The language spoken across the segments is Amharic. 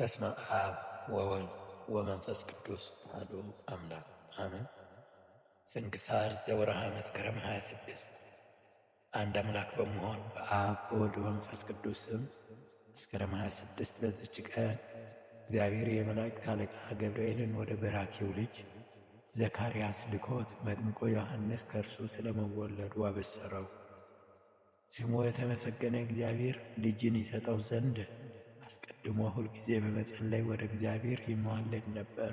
በስመ አብ ወወልድ ወመንፈስ ቅዱስ አሐዱ አምላክ አሜን። ስንክሳር ዘወርሃ መስከረም 26 አንድ አምላክ በመሆን በአብ በወልድ በመንፈስ ቅዱስ ስም መስከረም 26 በዚች ቀን እግዚአብሔር የመላእክት አለቃ ገብርኤልን ወደ በራኪው ልጅ ዘካርያስ ልኮት መጥምቆ ዮሐንስ ከእርሱ ስለመወለዱ አበሰረው። ስሙ የተመሰገነ እግዚአብሔር ልጅን ይሰጠው ዘንድ አስቀድሞ ሁልጊዜ በመጸለይ ወደ እግዚአብሔር ይማለድ ነበር።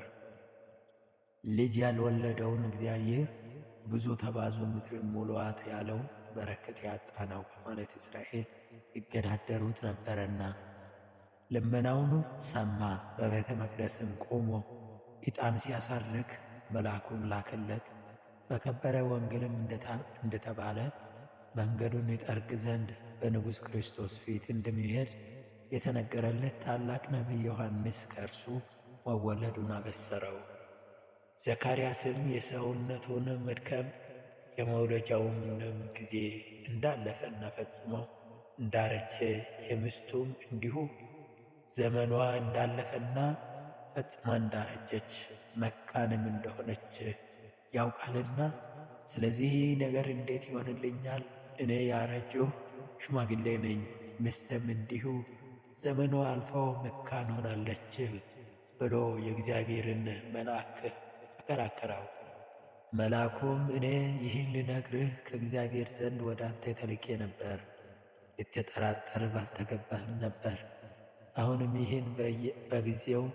ልጅ ያልወለደውን እግዚአብሔር ብዙ ተባዙ ምድር ሙሉአት ያለው በረከት ያጣ ነው በማለት እስራኤል ይገዳደሩት ነበረና ልመናውን ሰማ። በቤተ መቅደስም ቆሞ ዕጣን ሲያሳርግ መልአኩን ላከለት። በከበረ ወንጌልም እንደተባለ መንገዱን ይጠርግ ዘንድ በንጉሥ ክርስቶስ ፊት እንደሚሄድ የተነገረለት ታላቅ ነቢይ ዮሐንስ ከእርሱ መወለዱን አበሰረው። ዘካርያስም የሰውነቱን መድከም የመውለጃውንም ጊዜ እንዳለፈና ፈጽሞ እንዳረጀ የምስቱም እንዲሁ ዘመኗ እንዳለፈና ፈጽማ እንዳረጀች መካንም እንደሆነች ያውቃልና፣ ስለዚህ ነገር እንዴት ይሆንልኛል? እኔ ያረጅሁ ሽማግሌ ነኝ፣ ምስተም እንዲሁ ዘመኗ አልፎ መካን ሆናለች ብሎ የእግዚአብሔርን መልአክ ተከራከረው። መልአኩም እኔ ይህን ልነግርህ ከእግዚአብሔር ዘንድ ወደ አንተ የተልኬ ነበር፣ ልትጠራጠር ባልተገባህም ነበር። አሁንም ይህን በጊዜው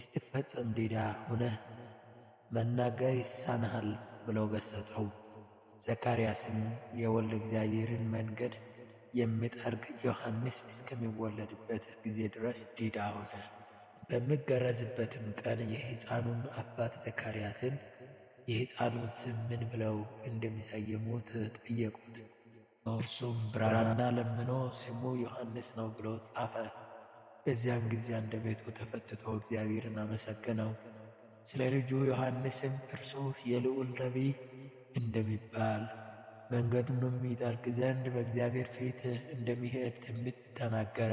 እስቲፈጸም ዲዳ ሆነ መናገር ይሳናሃል ብለው ገሰጸው። ዘካርያስም የወልድ እግዚአብሔርን መንገድ የሚጠርግ ዮሐንስ እስከሚወለድበት ጊዜ ድረስ ዲዳ ሆነ። በምገረዝበትም ቀን የሕፃኑን አባት ዘካርያስን የሕፃኑን ስም ምን ብለው እንደሚሰየሙት ጠየቁት። እርሱም ብራና ለምኖ ስሙ ዮሐንስ ነው ብሎ ጻፈ። በዚያም ጊዜ ቤቱ ተፈትቶ እግዚአብሔርን አመሰገነው። ስለ ልጁ ዮሐንስም እርሱ የልዑል ነቢይ እንደሚባል መንገዱንም ይጠርግ ዘንድ በእግዚአብሔር ፊት እንደሚሄድ ትንቢት ተናገረ።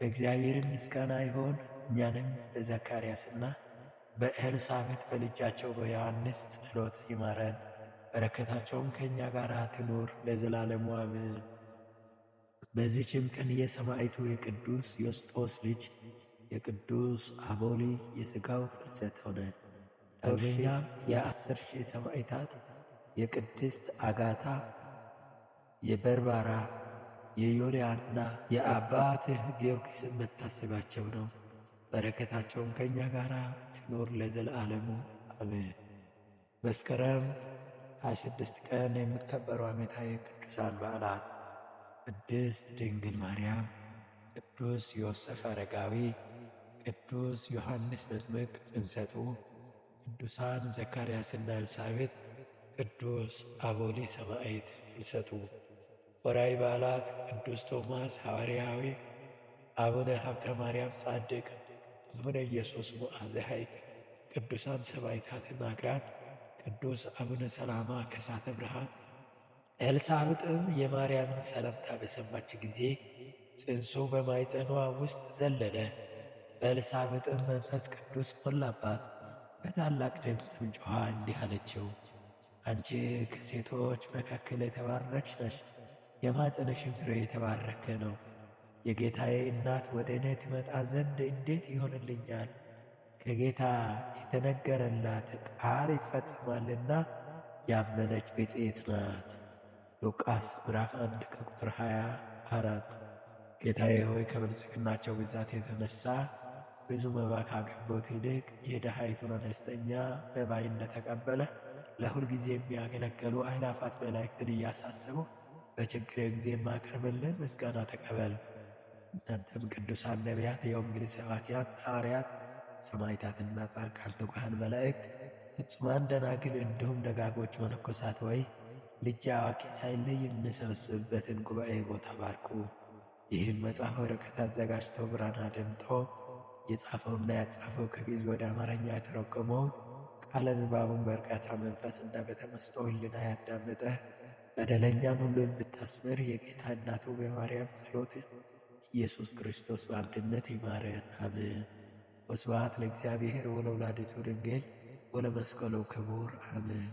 ለእግዚአብሔርም ምስጋና ይሆን። እኛንም በዘካርያስና በኤልሳቤት በልጃቸው በዮሐንስ ጸሎት ይማረን። በረከታቸውም ከእኛ ጋር ትኑር ለዘላለሙ አሜን። በዚችም ቀን የሰማዕቱ የቅዱስ ዮስጦስ ልጅ የቅዱስ አቦሊ የሥጋው ፍልሰት ሆነ። ዳግመኛ የአስር ሺህ ሰማዕታት የቅድስት አጋታ የበርባራ የዮልያና የአባትህ ጊዮርጊስን መታሰቢያቸው ነው። በረከታቸውም ከእኛ ጋር ትኖር ለዘለዓለሙ አሜን። መስከረም 26 ቀን የሚከበሩ ዓመታዊ ቅዱሳን በዓላት ቅድስት ድንግል ማርያም፣ ቅዱስ ዮሴፍ አረጋዊ፣ ቅዱስ ዮሐንስ መጥምቅ ጽንሰቱ፣ ቅዱሳን ዘካርያስና ኤልሳቤጥ ቅዱስ አቦሊ ሰማዕት ፍልሰቱ። ወርኃዊ በዓላት ቅዱስ ቶማስ ሐዋርያዊ፣ አቡነ ሀብተ ማርያም ጻድቅ፣ አቡነ ኢየሱስ ሞዓዘ ሐይቅ፣ ቅዱሳን ሰማዕታት ናግራን፣ ቅዱስ አቡነ ሰላማ ከሳተ ብርሃን። ኤልሳቤጥም የማርያምን ሰላምታ በሰማች ጊዜ ጽንሱ በማኅፀኗ ውስጥ ዘለለ። በኤልሳቤጥም መንፈስ ቅዱስ ሞላባት፣ በታላቅ ድምፅም ጮኻ እንዲህ አለችው አንቺ ከሴቶች መካከል የተባረክሽ ነሽ፣ የማጸነሽን ፍሬ የተባረከ ነው። የጌታዬ እናት ወደ እኔ ትመጣ ዘንድ እንዴት ይሆንልኛል? ከጌታ የተነገረላት ቃል ይፈጸማልና ያመነች ብፅዕት ናት። ሉቃስ ምዕራፍ 1 ከቁጥር 24። ጌታዬ ሆይ ከብልጽግናቸው ብዛት የተነሳ ብዙ መባ ካገቡት ይልቅ የድሃይቱን አነስተኛ መባ እንደተቀበለ ለሁልጊዜ የሚያገለግሉ አይላፋት መላእክትን እያሳሰቡ በችግር ጊዜ የማቀርብልን ምስጋና ተቀበል። እናንተም ቅዱሳን ነቢያት፣ የወንጌል እንግዲህ ሰባኪያን ሐዋርያት፣ ሰማዕታትና ጻድቃን፣ ትጉሃን መላእክት፣ ፍጹማን ደናግል፣ እንዲሁም ደጋጎች መነኮሳት ወይ ልጅ አዋቂ ሳይለይ የምንሰበስብበትን ጉባኤ ቦታ ባርኩ። ይህን መጽሐፈ ወረቀት አዘጋጅተው ብራና ደምጦ የጻፈውና ያጻፈው ከግዕዝ ወደ አማርኛ የተረጎመውን አለንባቡን በእርጋታ መንፈስ እና በተመስጦ ያዳመጠ በደለኛም ሁሉ የምታስምር የጌታ እናቱ በማርያም ጸሎት ኢየሱስ ክርስቶስ በአንድነት ይማረን። አሜን። ወስብሐት ለእግዚአብሔር ወለወላዲቱ ድንግል ወለመስቀሉ ክቡር አሜን።